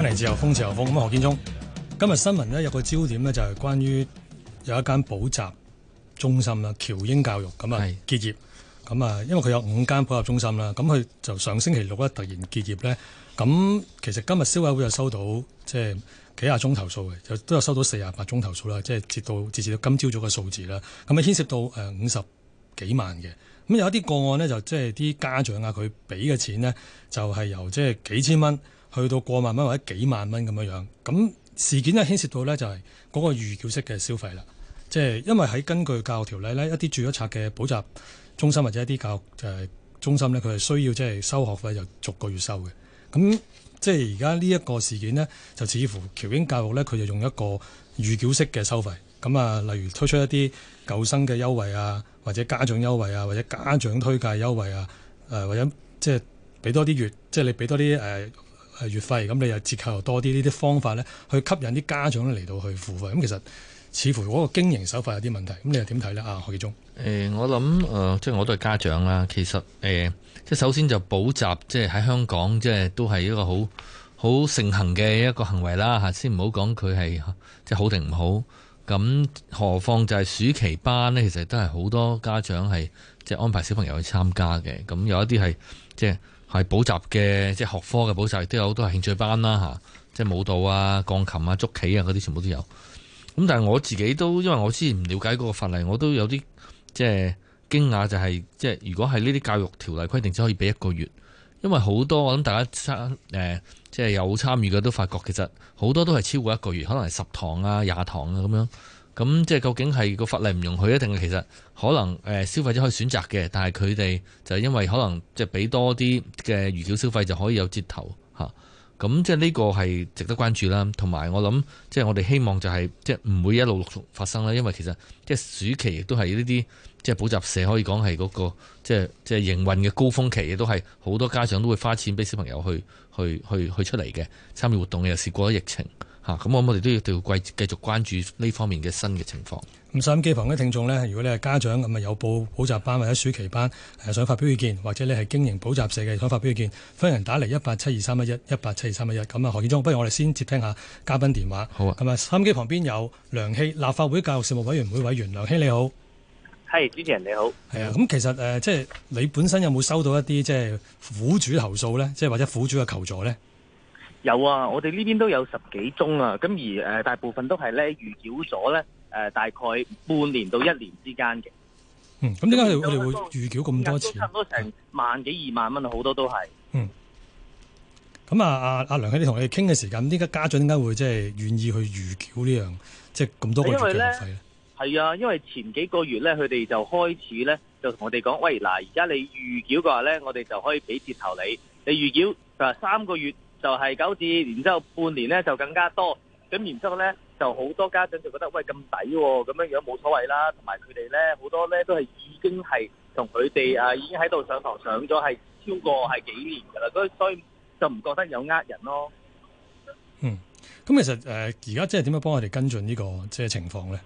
嚟自由風，自由風。咁何建中，今日新聞咧有個焦點咧就係關於有一間補習中心啦，翹英教育咁啊結業。咁啊，因為佢有五間補習中心啦，咁佢就上星期六咧突然結業咧。咁其實今日消委會又收到即係幾廿宗投訴嘅，就都有收到四十八宗投訴啦，即係截至到今朝早嘅數字啦。咁啊牽涉到誒五十幾萬嘅。咁有一啲個案咧就即係啲家長啊，佢俾嘅錢咧就係由即係幾千蚊。去到過萬蚊或者幾萬蚊咁樣樣，咁事件呢牽涉到呢，就係、是、嗰個預繳式嘅消費啦。即、就、係、是、因為喺根據教育條例呢，一啲住咗冊嘅補習中心或者一啲教育誒中心呢，佢係需要即係收學費，就逐個月收嘅。咁即係而家呢一個事件呢，就似乎翹英教育呢，佢就用一個預繳式嘅收費咁啊。例如推出一啲舊生嘅優惠啊，或者家長優惠啊，或者家長推介優惠啊，誒、呃、或者即係俾多啲月，即、就、係、是、你俾多啲誒。呃係月費，咁你又折扣又多啲，呢啲方法咧，去吸引啲家長嚟到去付費。咁其實似乎嗰個經營手法有啲問題，咁你又點睇咧？啊，何紀中、欸？我諗誒、呃，即係我都係家長啦。其實誒、欸，即係首先就補習，即係喺香港，即係都係一個好好盛行嘅一個行為啦。嚇，先唔好講佢係即係好定唔好。咁何況就係暑期班呢？其實都係好多家長係即係安排小朋友去參加嘅。咁有一啲係即係。係補習嘅，即係學科嘅補習，都有好多係興趣班啦嚇，即係舞蹈啊、鋼琴啊、捉棋啊嗰啲，全部都有。咁但係我自己都，因為我之前唔了解嗰個法例，我都有啲即係驚訝、就係，就係即係如果係呢啲教育條例規定只可以俾一個月，因為好多我諗大家參、呃、即係有參與嘅都發覺，其實好多都係超過一個月，可能係十堂啊、廿堂啊咁樣。咁即係究竟係個法例唔容許一定係，其實可能誒消費者可以選擇嘅，但係佢哋就因為可能即係俾多啲嘅預繳消費就可以有折頭嚇。咁、啊嗯、即係呢個係值得關注啦。同埋我諗即係我哋希望就係、是、即係唔會一路陸續發生啦。因為其實即係暑期亦都係呢啲即係補習社可以講係嗰個即係即係營運嘅高峰期，亦都係好多家長都會花錢俾小朋友去去去去出嚟嘅參與活動嘅，又是過咗疫情。咁、啊、我我哋都要對繼繼續關注呢方面嘅新嘅情況。咁收音機旁嘅聽眾呢，如果你係家長咁，咪有報補習班或者暑期班，誒、呃、想發表意見，或者你係經營補習社嘅想發表意見，歡迎打嚟一八七二三一一一八七二三一一。咁啊，何建中，不如我哋先接聽下嘉賓電話。好啊。咁啊，收音機旁邊有梁熙，立法會教育事務委員會委員，梁熙你好。係，主持人你好。係、嗯、啊，咁其實誒、呃，即係你本身有冇收到一啲即係苦主投訴呢？即係或者苦主嘅求助呢？有啊，我哋呢邊都有十幾宗啊，咁而誒大部分都係咧預繳咗咧誒大概半年到一年之間嘅、嗯。嗯，咁點解我哋會預繳咁多錢？差唔多成萬幾二萬蚊啊，好多都係。嗯。咁、嗯、啊，阿阿梁喺你同你傾嘅時間，點解家長點解會即係願意去預繳、就是、呢樣即係咁多嘅費用費咧？係啊，因為前幾個月咧，佢哋就開始咧就同我哋講，喂嗱，而家你預繳嘅話咧，我哋就可以俾折頭你。你預繳誒三個月。就係九至，然之後半年咧就更加多，咁然之後咧就好多家長就覺得喂咁抵喎，咁樣樣冇所謂啦，同埋佢哋咧好多咧都係已經係同佢哋啊已經喺度上堂上咗係超過係幾年噶啦，所以所以就唔覺得有呃人咯。嗯，咁、嗯、其實誒而家即係點樣幫我哋跟進呢個即係情況咧？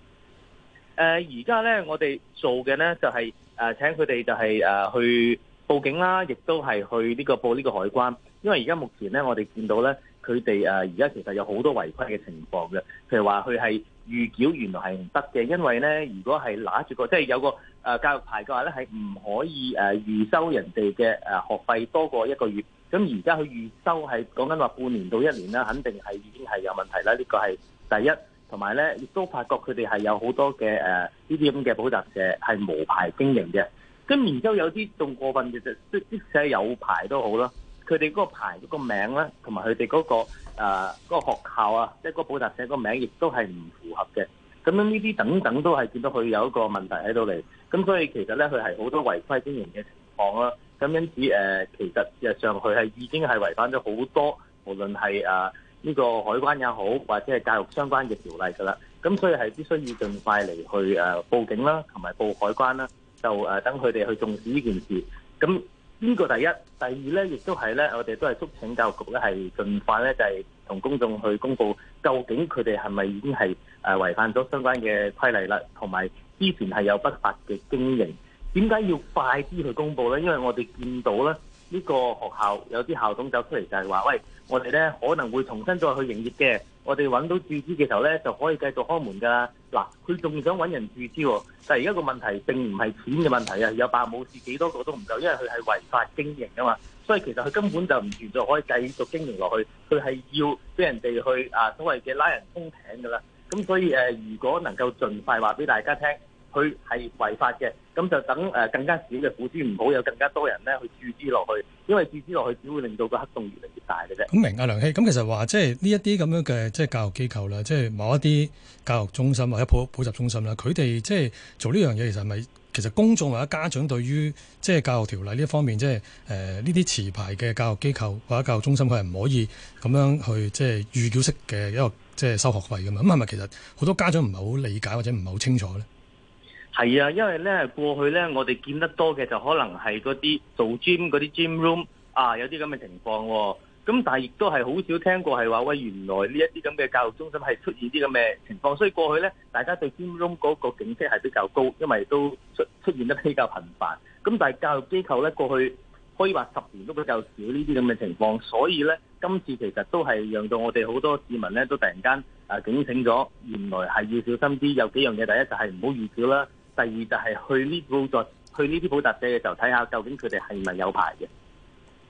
誒而家咧我哋做嘅咧就係、是、誒、呃、請佢哋就係、是、誒、呃、去報警啦，亦都係去呢個報呢個海關。因為而家目前咧，我哋見到咧，佢哋誒而家其實有好多違規嘅情況嘅。譬如話，佢係預繳原來係唔得嘅，因為咧，如果係拿住個即係有個誒教育牌嘅話咧，係唔可以誒預收人哋嘅誒學費多過一個月。咁而家佢預收係講緊話半年到一年啦，肯定係已經係有問題啦。呢個係第一，同埋咧亦都發覺佢哋係有好多嘅誒呢啲咁嘅補習社係無牌經營嘅。咁然之後有啲仲過分嘅，即即使有牌都好咯。佢哋嗰個牌嗰個名咧，同埋佢哋嗰個誒嗰個學校啊，即係嗰個補習社個名，亦都係唔符合嘅。咁樣呢啲等等都係見到佢有一個問題喺度嚟。咁所以其實咧，佢係好多違規經營嘅情況啦。咁因此誒，其實事實上佢係已經係違反咗好多，無論係誒呢個海關也好，或者係教育相關嘅條例噶啦。咁所以係必須要盡快嚟去誒報警啦，同埋報海關啦，就誒等佢哋去重視呢件事。咁呢個第一，第二咧，亦都係咧，我哋都係促請教育局咧，係盡快咧，就係、是、同公眾去公佈究竟佢哋係咪已經係誒、呃、違反咗相關嘅規例啦，同埋之前係有不法嘅經營，點解要快啲去公佈咧？因為我哋見到咧，呢、這個學校有啲校董走出嚟就係話，喂，我哋咧可能會重新再去營業嘅。我哋揾到注資嘅時候咧，就可以繼續開門噶啦。嗱、啊，佢仲想揾人注資喎、啊，但係而家個問題並唔係錢嘅問題啊，有白武士幾多個都唔夠，因為佢係違法經營噶嘛，所以其實佢根本就唔存在可以繼續經營落去，佢係要俾人哋去啊所謂嘅拉人封艇噶啦。咁所以誒、啊，如果能夠盡快話俾大家聽。佢係違法嘅，咁就等誒更加少嘅苦主，唔好有更加多人呢去注資落去，因為注資落去只會令到個黑洞越嚟越大嘅啫。咁明阿梁熙，咁其實話即係呢一啲咁樣嘅即係教育機構啦，即係某一啲教育中心或者補補習中心啦，佢哋即係做呢樣嘢，其實係咪其實公眾或者家長對於即係教育條例呢一方面，即係誒呢啲持牌嘅教育機構或者教育中心，佢係唔可以咁樣去即係預繳式嘅一個即係收學費嘅嘛？咁係咪其實好多家長唔係好理解或者唔係好清楚咧？係啊，因為咧過去咧，我哋見得多嘅就可能係嗰啲做 gym 嗰啲 gym room 啊，有啲咁嘅情況喎、哦。咁但係亦都係好少聽過係話喂，原來呢一啲咁嘅教育中心係出現啲咁嘅情況。所以過去咧，大家對 gym room 嗰個警惕係比較高，因為都出出現得比較頻繁。咁但係教育機構咧過去可以話十年都比較少呢啲咁嘅情況。所以咧，今次其實都係讓到我哋好多市民咧都突然間啊警醒咗，原來係要小心啲。有幾樣嘢，第一就係唔好預票啦。第二就係去呢個作，去呢啲補習社嘅時候，睇下究竟佢哋係咪有牌嘅。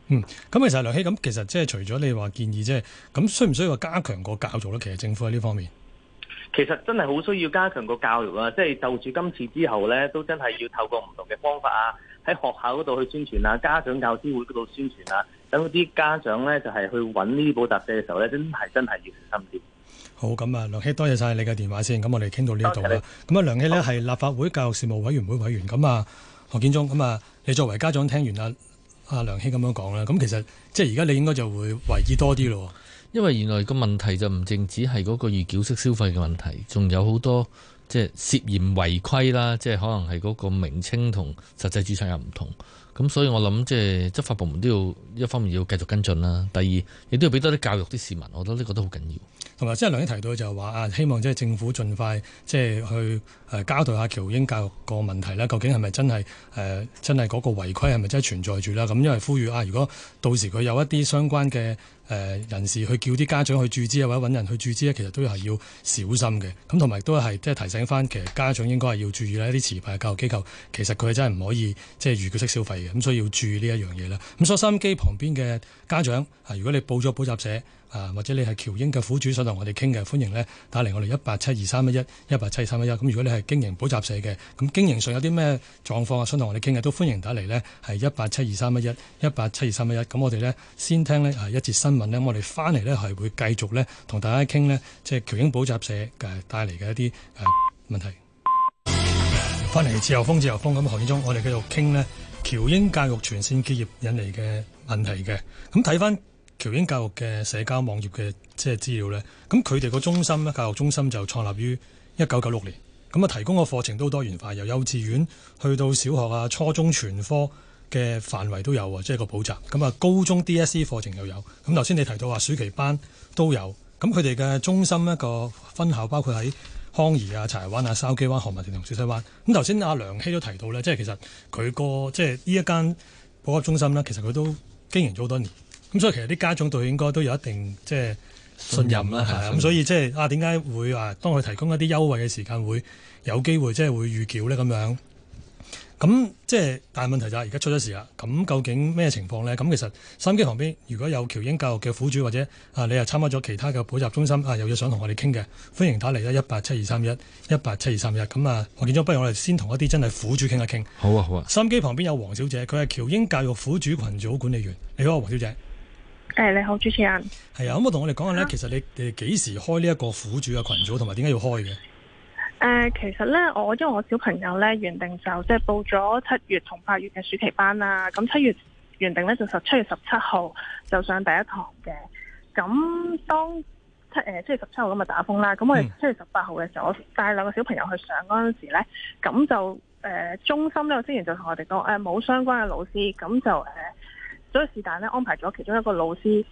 嗯，咁其實梁熙，咁其實即係除咗你話建議，即係咁需唔需要加強個教育咧？其實政府喺呢方面，其實真係好需要加強個教育啊。即係就住、是、今次之後咧，都真係要透過唔同嘅方法啊，喺學校嗰度去宣傳啊，家長教師會嗰度宣傳啊，等啲家長咧就係去揾呢啲補習社嘅時候咧，真係真係要小心啲。好咁啊，梁熙多謝晒你嘅電話先，咁我哋傾到呢度啦。咁啊，梁熙呢係好立法會教育事務委員會委員，咁啊何建忠，咁啊你作為家長聽完阿、啊、阿、啊、梁熙咁樣講啦。咁其實即係而家你應該就會留意多啲咯。因為原來個問題就唔淨止係嗰個預繳式消費嘅問題，仲有好多即係、就是、涉嫌違規啦，即、就、係、是、可能係嗰個名稱同實際註冊又唔同。咁所以我諗即係執法部門都要一方面要繼續跟進啦，第二亦都要俾多啲教育啲市民，我覺得呢個都好緊要。同埋即係梁熙提到就係話啊，希望即係政府盡快即係去誒、呃、交代下翹英教育個問題啦。究竟係咪真係誒、呃、真係嗰個違規係咪真係存在住啦？咁、嗯、因為呼籲啊，如果到時佢有一啲相關嘅誒人士去叫啲家長去注資啊，或者揾人去注資咧，其實都係要小心嘅。咁同埋都係即係提醒翻，其實家長應該係要注意呢啲持牌嘅教育機構其實佢係真係唔可以即係預繳式消費嘅，咁所以要注意呢一樣嘢啦。咁收音機旁邊嘅家長啊，如果你報咗補習社，啊，或者你係翹英嘅苦主，想同我哋傾嘅，歡迎呢，打嚟我哋一八七二三一一一八七三一一。咁如果你係經營補習社嘅，咁經營上有啲咩狀況啊，想同我哋傾嘅，都歡迎打嚟呢。係一八七二三一一一八七二三一一。咁我哋呢，先聽呢一節新聞咧，我哋翻嚟呢，係會繼續呢同大家傾呢，即係翹英補習社嘅帶嚟嘅一啲誒、呃、問題。翻嚟自由風自由風咁，何中，我哋繼續傾呢，翹英教育全線結業引嚟嘅問題嘅。咁睇翻。翹英教育嘅社交網頁嘅即係資料呢，咁佢哋個中心咧，教育中心就創立於一九九六年，咁啊提供個課程都多元化，由幼稚園去到小學啊、初中全科嘅範圍都有即係、就是、個補習，咁啊高中 DSE 課程又有，咁頭先你提到話暑期班都有，咁佢哋嘅中心一個分校包括喺康怡啊、柴灣啊、筲箕灣、何文田同小西灣，咁頭先阿梁熙都提到呢，即係其實佢個即係呢一間補習中心呢，其實佢都經營咗好多年。咁所以其實啲家長對應該都有一定即係、就是、信任啦，係、就是、啊！咁所以即係啊，點解會啊，當佢提供一啲優惠嘅時間會有機會即係會預繳呢？咁樣？咁即係但係問題就係而家出咗事啦。咁究竟咩情況呢？咁其實收音機旁邊如果有翹英教育嘅苦主或者啊，你又參加咗其他嘅補習中心啊，有嘢想同我哋傾嘅，歡迎打嚟啦！一八七二三一，一八七二三一。咁啊，黃建中不如我哋先同一啲真係苦主傾一傾。好啊，好啊。收音機旁邊有黃小姐，佢係翹英教育苦主群組管理員。你好，黃小姐。誒，你好，主持人。係啊、嗯，咁我同我哋講下咧，其實你哋幾時開呢一個苦主嘅群組，同埋點解要開嘅？誒，其實咧，我因為我小朋友咧原定就即係、就是、報咗七月同八月嘅暑期班啦。咁七月原定咧就十七月十七號就上第一堂嘅。咁當七誒七月十七號咁啊打風啦。咁我哋七月十八號嘅時候，嗯、我帶兩個小朋友去上嗰陣時咧，咁就誒、呃、中心咧我之前就同我哋講，誒、呃、冇相關嘅老師，咁就誒。呃所以是但咧安排咗其中一個老師，誒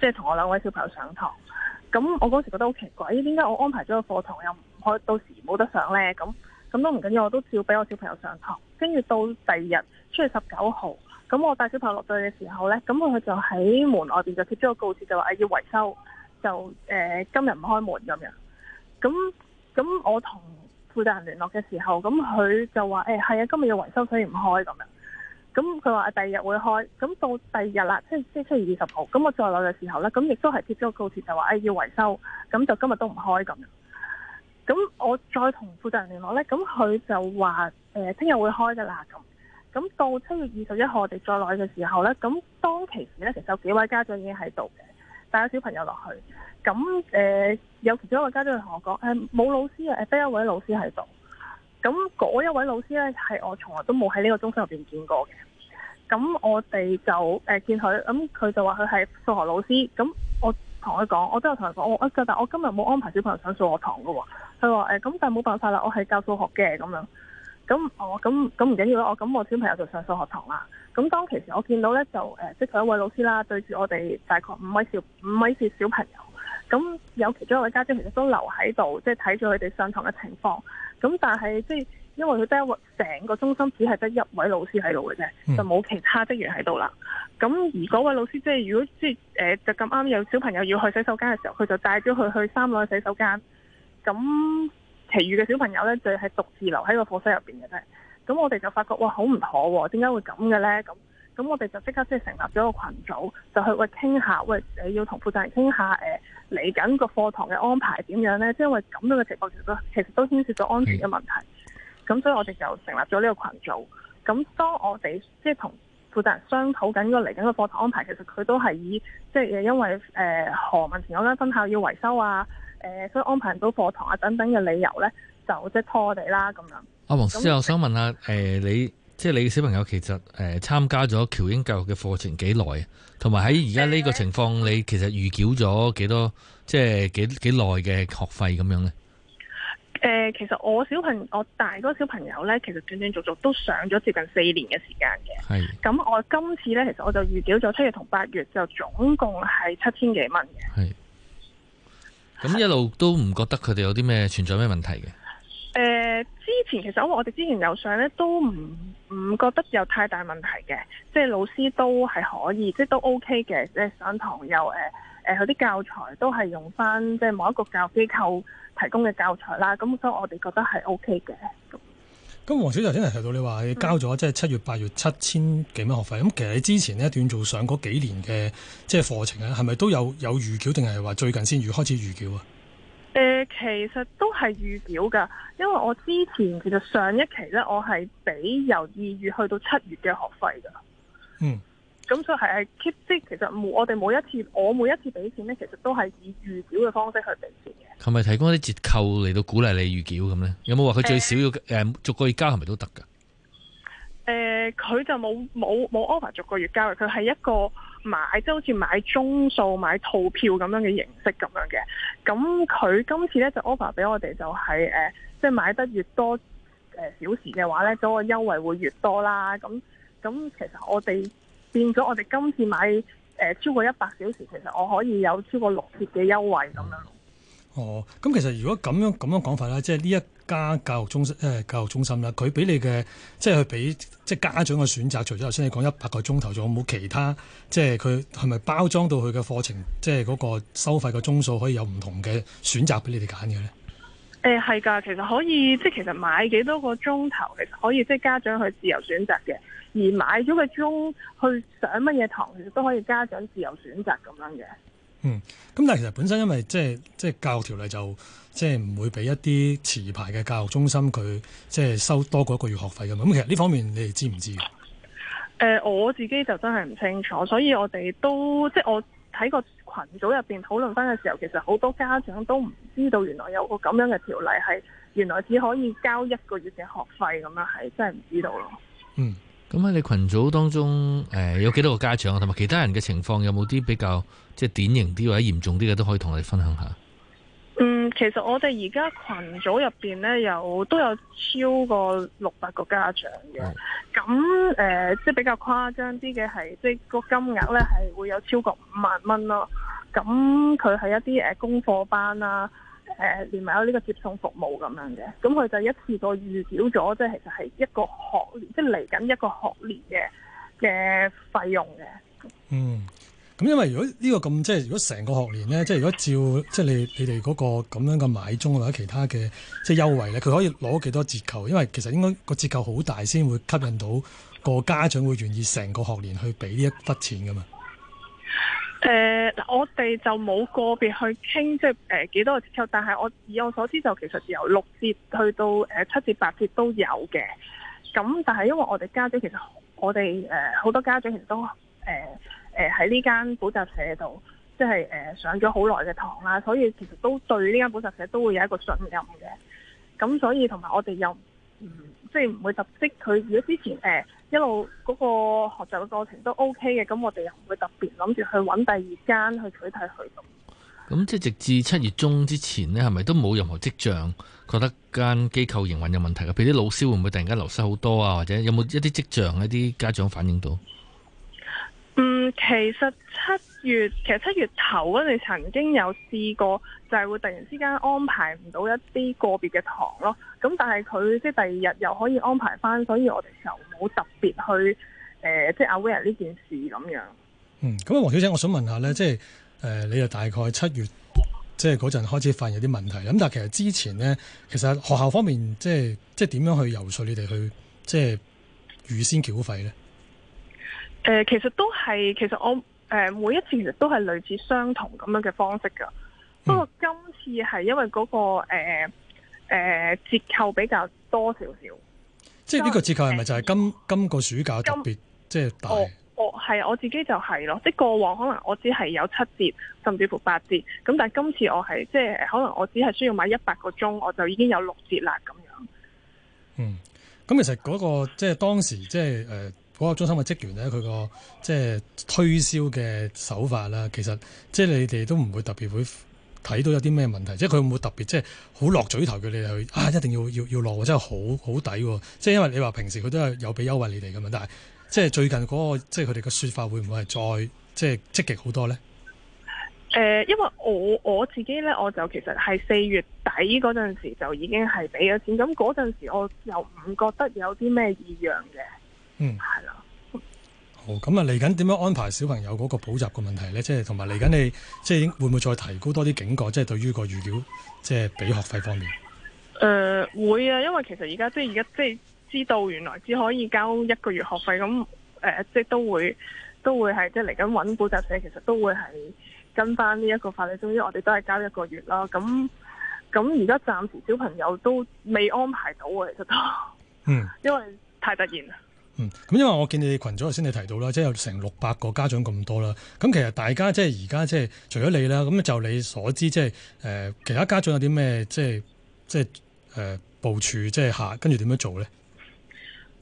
即係同我兩位小朋友上堂。咁我嗰時覺得好奇怪，點解我安排咗個課堂又唔開，到時冇得上咧？咁咁都唔緊要，我都照俾我小朋友上堂。跟住到第二日，七月十九號，咁我帶小朋友落去嘅時候咧，咁佢就喺門外邊就貼咗個告示，就話要維修，就誒、呃、今日唔開門咁樣。咁咁我同負責人聯絡嘅時候，咁佢就話：誒、欸、係啊，今日要維修，所以唔開咁樣。咁佢話第二日會開，咁到第二日啦，即係即係七月二十號，咁我再來嘅時候咧，咁亦都係貼咗個告示就話，誒要維修，咁就今日都唔開咁。咁我再同負責人聯絡咧，咁佢就話，誒聽日會開噶啦咁。咁到七月二十一號我哋再來嘅時候咧，咁當其時咧其實有幾位家長已經喺度嘅，帶咗小朋友落去。咁誒、呃、有其中一個家長同我講，誒冇老師啊，誒、哎、得一位老師喺度。咁嗰一位老師咧係我從來都冇喺呢個中心入邊見過嘅。咁我哋就誒、呃、見佢，咁、嗯、佢就話佢係數學老師。咁我同佢講，我都有同佢講，我我但我今日冇安排小朋友上數學堂㗎喎。佢話誒，咁、欸、但係冇辦法啦，我係教數學嘅咁樣。咁我咁，咁唔緊要啦，我、嗯、咁我小朋友就上數學堂啦。咁當其時我見到咧，就誒、呃、即係佢一位老師啦，對住我哋大概五米小五米小小朋友。咁有其中一位家長其實都留喺度，即係睇住佢哋上堂嘅情況。咁但係即係。因為佢得一個成個中心只係得一位老師喺度嘅啫，就冇其他職員喺度啦。咁而嗰位老師即係如果即係誒就咁啱有小朋友要去洗手間嘅時候，佢就帶咗佢去三樓洗手間。咁其餘嘅小朋友咧就係、是、獨自留喺個課室入邊嘅啫。咁我哋就發覺哇，好唔妥喎、啊！點解會咁嘅咧？咁咁我哋就即刻即係成立咗個群組，就去喂傾、呃、下，喂、呃、你要同負責人傾下誒嚟緊個課堂嘅安排點樣咧？即係因為咁樣嘅情況，其實都其實都牽涉到安全嘅問題。嗯咁所以我哋就成立咗呢個群組。咁當我哋即係同負責人商討緊個嚟緊嘅課堂安排，其實佢都係以即係因為誒、呃、何文田嗰間分校要維修啊，誒、呃、所以安排唔到課堂啊等等嘅理由咧，就即係拖我哋啦咁樣。阿黃小姐我想問下誒、呃、你即係你嘅小朋友其實誒、呃呃、參加咗翹英教育嘅課程幾耐？同埋喺而家呢個情況，呃、你其實預繳咗幾多即係幾幾耐嘅學費咁樣咧？誒、呃，其實我小朋我大嗰個小朋友呢，其實斷斷續續都上咗接近四年嘅時間嘅。係的。咁我今次呢，其實我就預繳咗七月同八月，就總共係七千幾蚊嘅。係的。咁一路都唔覺得佢哋有啲咩存在咩問題嘅。誒、呃，之前其實因為我哋之前有上呢，都唔唔覺得有太大問題嘅，即係老師都係可以，即係都 OK 嘅。誒，上堂又誒。誒啲教材都係用翻即係某一個教育機構提供嘅教材啦，咁所以我哋覺得係 OK 嘅。咁黃小姐頭先提到你話交咗、嗯、即係七月、八月七千幾蚊學費，咁其實你之前一段做上嗰幾年嘅即係課程啊，係咪都有有預繳定係話最近先預開始預繳啊？誒、呃，其實都係預繳噶，因為我之前其實上一期咧，我係俾由二月去到七月嘅學費噶。嗯。咁所以係係 keep 即其實我哋每一次我每一次俾錢咧，其實都係以預繳嘅方式去俾錢嘅。係咪提供啲折扣嚟到鼓勵你預繳咁咧？有冇話佢最少要誒、呃、逐個月交係咪都得噶？誒、呃，佢就冇冇冇 offer 逐個月交嘅，佢係一個買即係、就是、好似買鐘數、買套票咁樣嘅形式咁樣嘅。咁佢今次咧就 offer 俾我哋就係、是、誒，即、呃、係、就是、買得越多誒、呃、小時嘅話咧，嗰個優惠會越多啦。咁咁其實我哋。變咗，我哋今次買誒超過一百小時，其實我可以有超過六折嘅優惠咁樣咯，嗯。哦，咁、嗯、其實如果咁樣咁樣講法咧，即係呢一家教育中心誒、欸、教育中心咧，佢俾你嘅即係佢俾即係家長嘅選擇，除咗頭先你講一百個鐘頭，仲有冇其他？即係佢係咪包裝到佢嘅課程，即係嗰個收費嘅鐘數可以有唔同嘅選擇俾你哋揀嘅咧？誒、欸，係噶，其實可以，即係其實買幾多個鐘頭，其實可以即係家長去自由選擇嘅。而買咗個鐘去上乜嘢堂，其實都可以家長自由選擇咁樣嘅。嗯，咁但係其實本身因為即係即係教育條例就即係唔會俾一啲持牌嘅教育中心佢即係收多過一個月學費咁樣。咁其實呢方面你哋知唔知？誒、呃，我自己就真係唔清楚，所以我哋都即係我喺個群組入邊討論翻嘅時候，其實好多家長都唔知道原來有個咁樣嘅條例係原來只可以交一個月嘅學費咁樣，係真係唔知道咯。嗯。咁喺你群組當中，誒、呃，有幾多個家長同埋其他人嘅情況有冇啲比較即係典型啲或者嚴重啲嘅，都可以同我哋分享下。嗯，其實我哋而家群組入邊咧，有都有超過六百個家長嘅。咁誒的、呃，即係比較誇張啲嘅係，即係個金額咧係會有超過五萬蚊咯。咁佢係一啲誒、呃、功課班啦、啊。誒連埋有呢個接送服務咁樣嘅，咁佢就一次過預繳咗，即係其實係一個學即係嚟緊一個學年嘅嘅費用嘅。嗯，咁因為如果呢個咁即係如果成個學年咧，即係如果照即係你你哋嗰個咁樣嘅買中或者其他嘅即係優惠咧，佢可以攞幾多折扣？因為其實應該個折扣好大先會吸引到個家長會願意成個學年去俾呢一筆錢噶嘛。誒，嗱、呃、我哋就冇個別去傾，即係誒幾多個折扣，但係我以我所知就其實由六折去到誒、呃、七折八折都有嘅。咁但係因為我哋家長其實我哋誒好多家長其實都誒誒喺呢間補習社度，即係誒、呃、上咗好耐嘅堂啦，所以其實都對呢間補習社都會有一個信任嘅。咁所以同埋我哋又唔、嗯、即係唔會突擊佢，如果之前誒。呃一路嗰個學習嘅過程都 OK 嘅，咁我哋又唔會特別諗住去揾第二間去取締佢咯。咁即係直至七月中之前呢係咪都冇任何跡象覺得間機構營運有問題嘅？譬如啲老師會唔會突然間流失好多啊？或者有冇一啲跡象，一啲家長反映到？嗯，其實七月其實七月頭咧，你曾經有試過，就係會突然之間安排唔到一啲個別嘅堂咯。咁但係佢即係第二日又可以安排翻，所以我哋就冇特別去誒、呃，即係 aware 呢件事咁樣。嗯，咁啊，黃小姐，我想問下咧，即係誒、呃，你又大概七月即係嗰陣開始發現有啲問題，咁但係其實之前咧，其實學校方面即係即係點樣去游說你哋去即係預先繳費咧？誒、呃，其實都係，其實我誒、呃、每一次其實都係類似相同咁樣嘅方式噶。不過、嗯、今次係因為嗰、嗰個誒。呃誒、呃，折扣比較多少少，即係呢個折扣係咪就係今今個暑假特別即係大？我係、哦哦、我自己就係咯，即係過往可能我只係有七折，甚至乎八折，咁但係今次我係即係可能我只係需要買一百個鐘，我就已經有六折啦咁樣。嗯，咁其實嗰個即係當時即係誒，嗰個中心嘅職員咧，佢個即係推銷嘅手法啦，其實、那個、即係、呃、你哋都唔會特別會。睇到有啲咩問題，即係佢有冇特別，即係好落嘴頭嘅你去啊，一定要要要落，真係好好抵喎！即係因為你話平時佢都係有俾優惠你哋㗎嘛。但係即係最近嗰、那個即係佢哋嘅説法會會，會唔會係再即係積極好多呢？誒，因為我我自己咧，我就其實係四月底嗰陣時就已經係俾咗錢，咁嗰陣時我又唔覺得有啲咩異樣嘅，嗯，係啦。咁啊，嚟緊點樣安排小朋友嗰個補習嘅問題呢？即係同埋嚟緊你，即係會唔會再提高多啲警覺？即係對於個預料，即係俾學費方面。誒、呃，會啊，因為其實而家即係而家即係知道原來只可以交一個月學費，咁誒、呃，即係都會都會係即係嚟緊揾補習社，其實都會係跟翻呢一個法律。總之，我哋都係交一個月啦。咁咁而家暫時小朋友都未安排到啊，其實都嗯，因為太突然啦。嗯，咁因為我見你哋群組頭先你提到啦，即係有成六百個家長咁多啦。咁其實大家即係而家即係除咗你啦，咁就你所知即係誒、呃、其他家長有啲咩即係即係誒、呃、部署即係下跟住點樣做咧？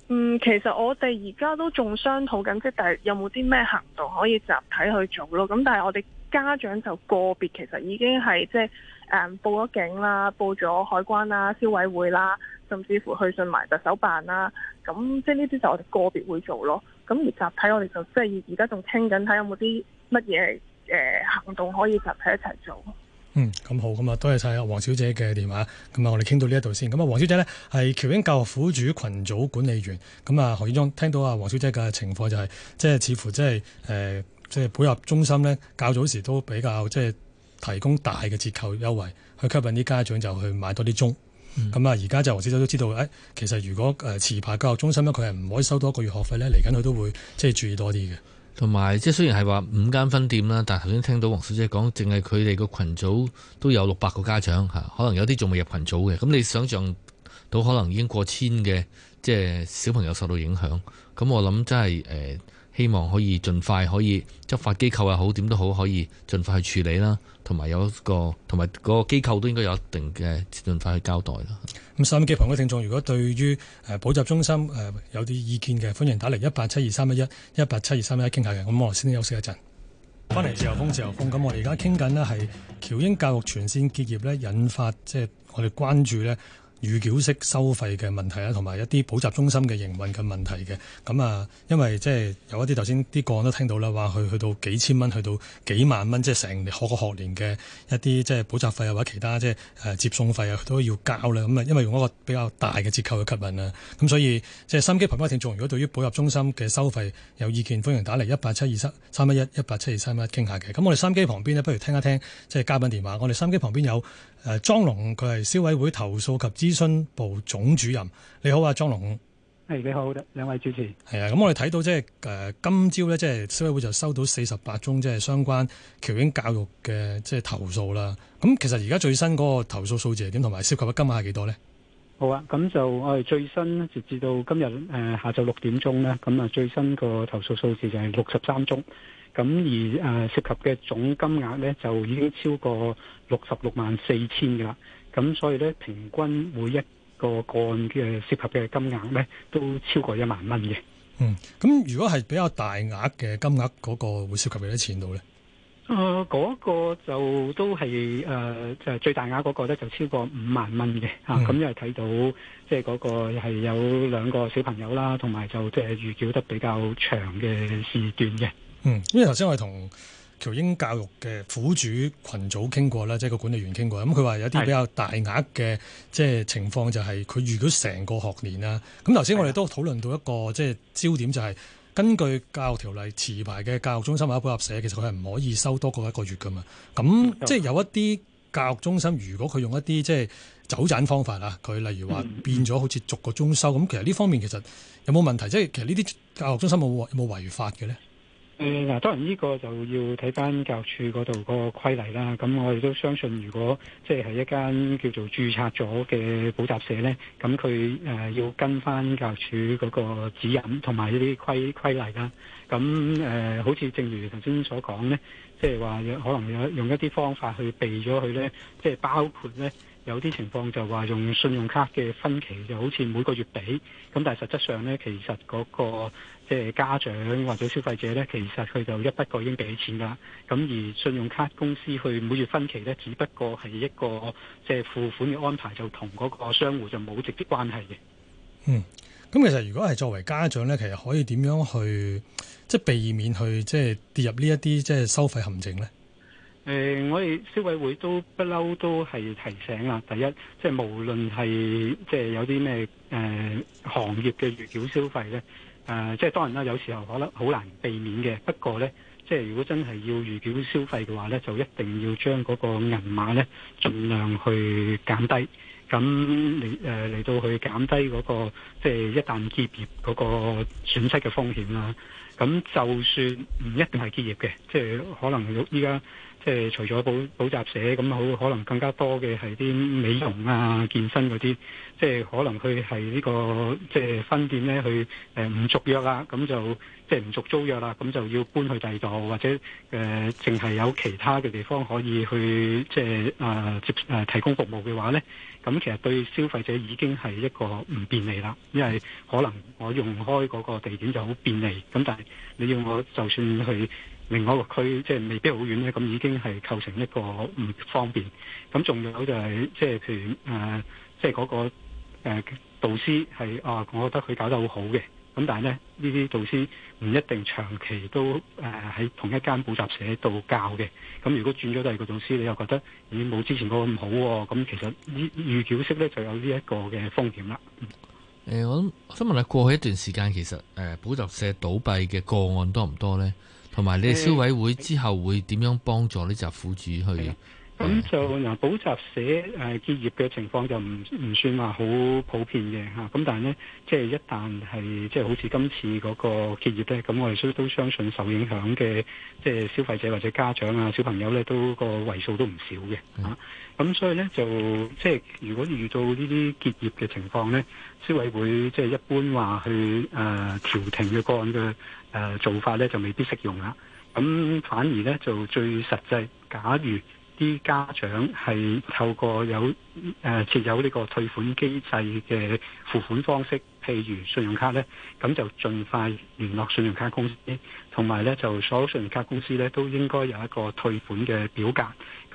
嗯，其實我哋而家都仲商討緊，即係但係有冇啲咩行動可以集體去做咯。咁但係我哋家長就個別，其實已經係即係誒報咗警啦、報咗海關啦、消委會啦。甚至乎去信埋特首辦啦，咁即係呢啲就我哋個別會做咯。咁而集體我哋就即係而家仲傾緊，睇有冇啲乜嘢誒行動可以集體一齊做。嗯，咁好，咁啊，多謝晒黃小姐嘅電話。咁啊，我哋傾到呢一度先。咁啊，黃小姐呢，係翹英教育苦主群組管理員。咁啊，何先生聽到啊黃小姐嘅情況就係、是，即係似乎即係誒，即係補習中心呢較早時都比較即係提供大嘅折扣優惠，去吸引啲家長就去買多啲鐘。咁啊，而家就黃小姐都知道，誒，其實如果誒持牌教育中心咧，佢係唔可以收多一個月學費咧，嚟緊佢都會即係注意多啲嘅。同埋即係雖然係話五間分店啦，但係頭先聽到黃小姐講，淨係佢哋個群組都有六百個家長嚇，可能有啲仲未入群組嘅。咁你想像到可能已經過千嘅，即係小朋友受到影響。咁我諗真係誒。呃希望可以盡快，可以執法機構又好，點都好，可以盡快去處理啦，同埋有一個同埋個機構都應該有一定嘅盡快去交代啦。咁收音機旁嘅聽眾，如果對於誒、呃、補習中心誒、呃、有啲意見嘅，歡迎打嚟一八七二三一一一八七二三一一傾下嘅。我我先休息一陣，翻嚟自由風自由風。咁我哋而家傾緊呢係翹英教育全線結業呢，引發即係、就是、我哋關注呢。預繳式收費嘅問題啦，同埋一啲補習中心嘅營運嘅問題嘅。咁啊，因為即係有一啲頭先啲個案都聽到啦，話佢去到幾千蚊，去到幾萬蚊，即係成年學個學年嘅一啲即係補習費啊，或者其他即係誒接送費啊，都要交啦。咁啊，因為用一個比較大嘅折扣去吸引啦。咁所以即係心機旁邊嘅聽眾，如果對於補習中心嘅收費有意見，歡迎打嚟一八七二三一一一八七二三一一傾下嘅。咁我哋三機旁邊呢，不如聽一聽即係、就是、嘉賓電話。我哋三機旁邊有。誒，莊龍佢係消委會投訴及諮詢部總主任。你好啊，莊龍。係你好，兩位主持。係啊，咁我哋睇到即係誒、呃，今朝咧即係消委會就收到四十八宗即係相關翹英教育嘅即係投訴啦。咁其實而家最新嗰個投訴數字係點，同埋涉及嘅金額係幾多呢？好啊，咁就我哋、呃、最新直至到今日誒、呃、下晝六點鐘呢，咁啊最新個投訴數字就係六十三宗。咁而誒、呃、涉及嘅總金額呢，就已經超過六十六萬四千㗎喇。咁所以呢，平均每一個個案嘅涉及嘅金額呢，都超過一萬蚊嘅。嗯，咁如果係比較大額嘅金額，嗰、那個會涉及幾多錢到呢？啊、呃，嗰、那個就都係誒誒最大額嗰個呢，就超過五萬蚊嘅。嗯、啊，咁又睇到即係嗰個係有兩個小朋友啦，同埋就誒、呃、預繳得比較長嘅時段嘅。嗯，因為頭先我係同翹英教育嘅苦主群組傾過啦，即係個管理員傾過咁，佢、嗯、話有啲比較大額嘅即係情況就係佢預咗成個學年啦。咁頭先我哋都討論到一個的即係焦點就係根據教育條例，持牌嘅教育中心或者補習社，其實佢係唔可以收多過一個月噶嘛。咁的即係有一啲教育中心，如果佢用一啲即係走盞方法啊，佢例如話變咗好似逐個鐘收咁，嗯、其實呢方面其實有冇問題？即係其實呢啲教育中心有冇冇違法嘅咧？誒嗱、嗯，當然呢個就要睇翻教育署嗰度個規例啦。咁我哋都相信，如果即係一間叫做註冊咗嘅補習社呢，咁佢誒要跟翻教育署嗰個指引同埋呢啲規規例啦。咁誒、呃，好似正如頭先所講呢，即係話有可能用用一啲方法去避咗佢呢，即係包括呢。有啲情況就話用信用卡嘅分期就好似每個月俾，咁但係實質上呢，其實嗰個即係家長或者消費者呢，其實佢就一筆過已經俾錢㗎。咁而信用卡公司去每月分期呢，只不過係一個即係付款嘅安排，就同嗰個商戶就冇直接關係嘅。嗯，咁其實如果係作為家長呢，其實可以點樣去即避免去即係跌入呢一啲即係收費陷阱呢？誒、嗯，我哋消委會都不嬲，都係提醒啦。第一，即係無論係即係有啲咩誒行業嘅預繳消費咧，誒、呃，即係當然啦，有時候可能好難避免嘅。不過咧，即係如果真係要預繳消費嘅話咧，就一定要將嗰個銀碼咧，盡量去減低。咁嚟誒嚟到去減低嗰、那個，即、就、係、是、一旦結業嗰個損失嘅風險啦。咁就算唔一定係結業嘅，即係可能依家即係除咗補補習社，咁好可能更加多嘅係啲美容啊、健身嗰啲，即係可能佢係呢個即係分店咧，去誒唔續約啦，咁就即係唔續租約啦，咁就要搬去第二度或者誒淨係有其他嘅地方可以去即係誒、呃、接誒、呃、提供服務嘅話咧。咁其實對消費者已經係一個唔便利啦，因為可能我用開嗰個地點就好便利，咁但係你要我就算去另外一個區，即係未必好遠咧，咁已經係構成一個唔方便。咁仲有就係即係譬如誒，即係嗰個誒導師係啊，我覺得佢搞得好好嘅。咁但係咧，呢啲導師唔一定長期都誒喺、呃、同一間補習社度教嘅。咁、嗯、如果轉咗第二個導師，你又覺得已經冇之前嗰個咁好喎、哦。咁、嗯、其實預預繳式呢就有呢一個嘅風險啦。誒、欸，我想問下，過去一段時間其實誒、呃、補習社倒閉嘅個案多唔多呢？同埋你哋消委會之後會點樣幫助呢啲苦主去？咁、嗯、就嗱，嗯、補習社誒、啊、結業嘅情況就唔唔算話好普遍嘅嚇。咁、啊、但係呢，即、就、係、是、一旦係即係好似今次嗰個結業呢，咁我哋都都相信受影響嘅即係消費者或者家長啊、小朋友呢，都個位數都唔少嘅嚇。咁、啊嗯、所以呢，就即係、就是、如果遇到呢啲結業嘅情況呢，消委會即係一般話去誒、呃、調停嘅個案嘅誒、呃、做法呢，就未必適用啦。咁反而呢，就最實際，假如啲家長係透過有誒、呃、設有呢個退款機制嘅付款方式，譬如信用卡呢，咁就盡快聯絡信用卡公司，同埋呢，就所有信用卡公司呢，都應該有一個退款嘅表格，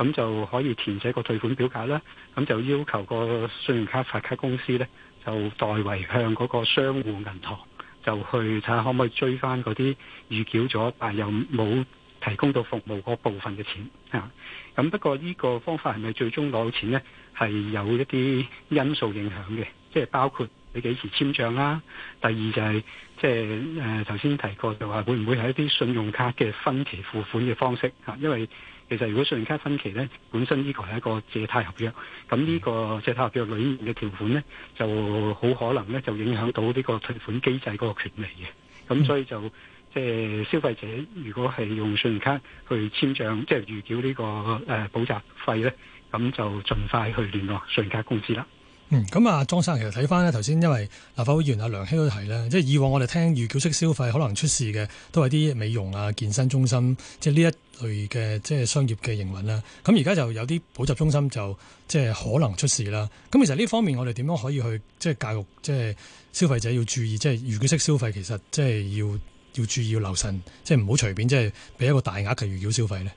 咁就可以填寫個退款表格啦。咁就要求個信用卡發卡公司呢，就代為向嗰個商戶銀行就去睇下可唔可以追翻嗰啲預繳咗但又冇提供到服務嗰部分嘅錢啊，咁不過呢個方法係咪最終攞到錢呢？係有一啲因素影響嘅，即係包括你幾時簽賬啦、啊。第二就係、是、即係誒頭先提過就話會唔會係一啲信用卡嘅分期付款嘅方式啊？因為其實如果信用卡分期呢，本身呢個係一個借貸合約，咁呢個借貸合約裏面嘅條款呢，就好可能呢就影響到呢個退款機制嗰個權利嘅。咁所以就。嗯即係消費者，如果係用信用卡去簽賬，即係預繳呢、這個誒、呃、補習費咧，咁就盡快去聯絡信用卡公司啦。嗯，咁啊，莊生其實睇返咧頭先，因為立法會議員阿梁熙都提咧，即係以往我哋聽預繳式消費可能出事嘅，都係啲美容啊、健身中心，即係呢一類嘅即係商業嘅營運啦、啊。咁而家就有啲補習中心就即係可能出事啦。咁其實呢方面，我哋點樣可以去即係教育即係消費者要注意，即係預繳式消費其實即係要。要注意要留神，即係唔好隨便，即係俾一個大額嘅預繳消費咧。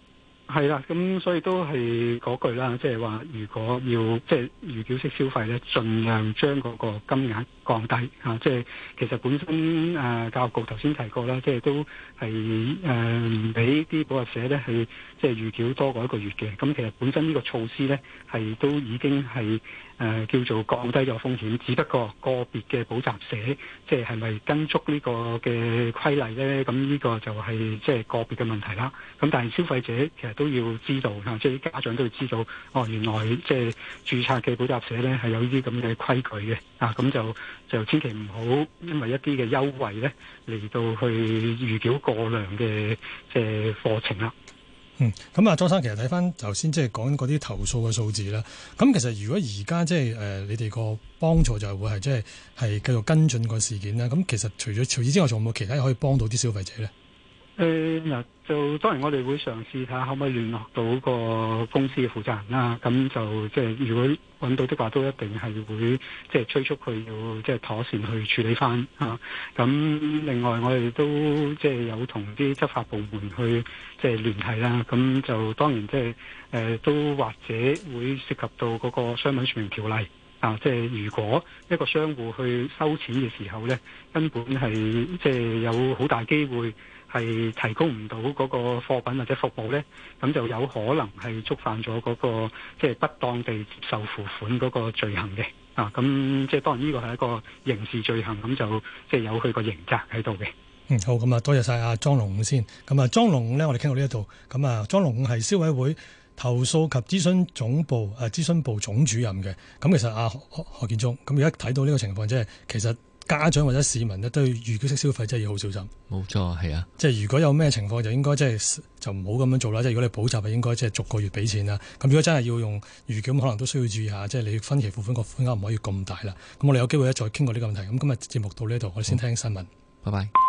係啦，咁所以都係嗰句啦，即係話如果要即係預繳式消費咧，盡量將嗰個金額降低嚇、啊。即係其實本身誒、呃、教育局頭先提過啦，即係都係誒唔俾啲補習社咧去即係預繳多過一個月嘅。咁其實本身呢個措施咧係都已經係。誒、呃、叫做降低咗風險，只不過個別嘅補習社，即係係咪跟足呢個嘅規例呢？咁呢個就係即係個別嘅問題啦。咁但係消費者其實都要知道嚇，即係家長都要知道，哦原來即係註冊嘅補習社呢係有呢啲咁嘅規矩嘅啊，咁就就千祈唔好因為一啲嘅優惠呢嚟到去預繳過量嘅即係課程啦。嗯，咁啊、嗯，莊生、嗯，其實睇翻頭先即係講嗰啲投訴嘅數字啦。咁其實如果而家即係誒，你哋個幫助就係會係即係係繼續跟進個事件咧，咁其實除咗除此之外，仲有冇其他可以幫到啲消費者咧？誒嗱、呃，就當然我哋會嘗試下可唔可以聯絡到個公司嘅負責人啦、啊。咁就即係如果揾到的話，都一定係會即係催促佢要即係妥善去處理翻啊。咁、啊、另外我哋都即係有同啲執法部門去即係聯繫啦、啊。咁就當然即係誒都或者會涉及到嗰個商品説明條例啊。即、就、係、是、如果一個商戶去收錢嘅時候呢，根本係即係有好大機會，係提供唔到嗰個貨品或者服務呢，咁就有可能係觸犯咗嗰、嗰個即係、即係、不當地接受付款嗰個罪行嘅。啊，咁即係當然呢個係一個刑事罪行，咁就即係有佢個刑責喺度嘅。嗯，好，咁、嗯、啊，多謝晒阿莊龍五先。咁啊，莊龍五呢，我哋傾到呢一度。咁啊，莊龍五係消委會投訴及諮詢總部啊，諮詢部總主任嘅。咁、啊、其實啊，何，何建忠咁而家睇到呢個情況，即係其實。家長或者市民咧對預繳式消費真係要好小心。冇錯，係啊。即係如果有咩情況，就應該即係就唔好咁樣做啦。即係如果你補習，係應該即係逐個月俾錢啦。咁如果真係要用預繳，可能都需要注意下，即係你分期付款個款額唔可以咁大啦。咁我哋有機會咧再傾過呢個問題。咁今日節目到呢度，我哋先聽新聞。拜拜、嗯。Bye bye。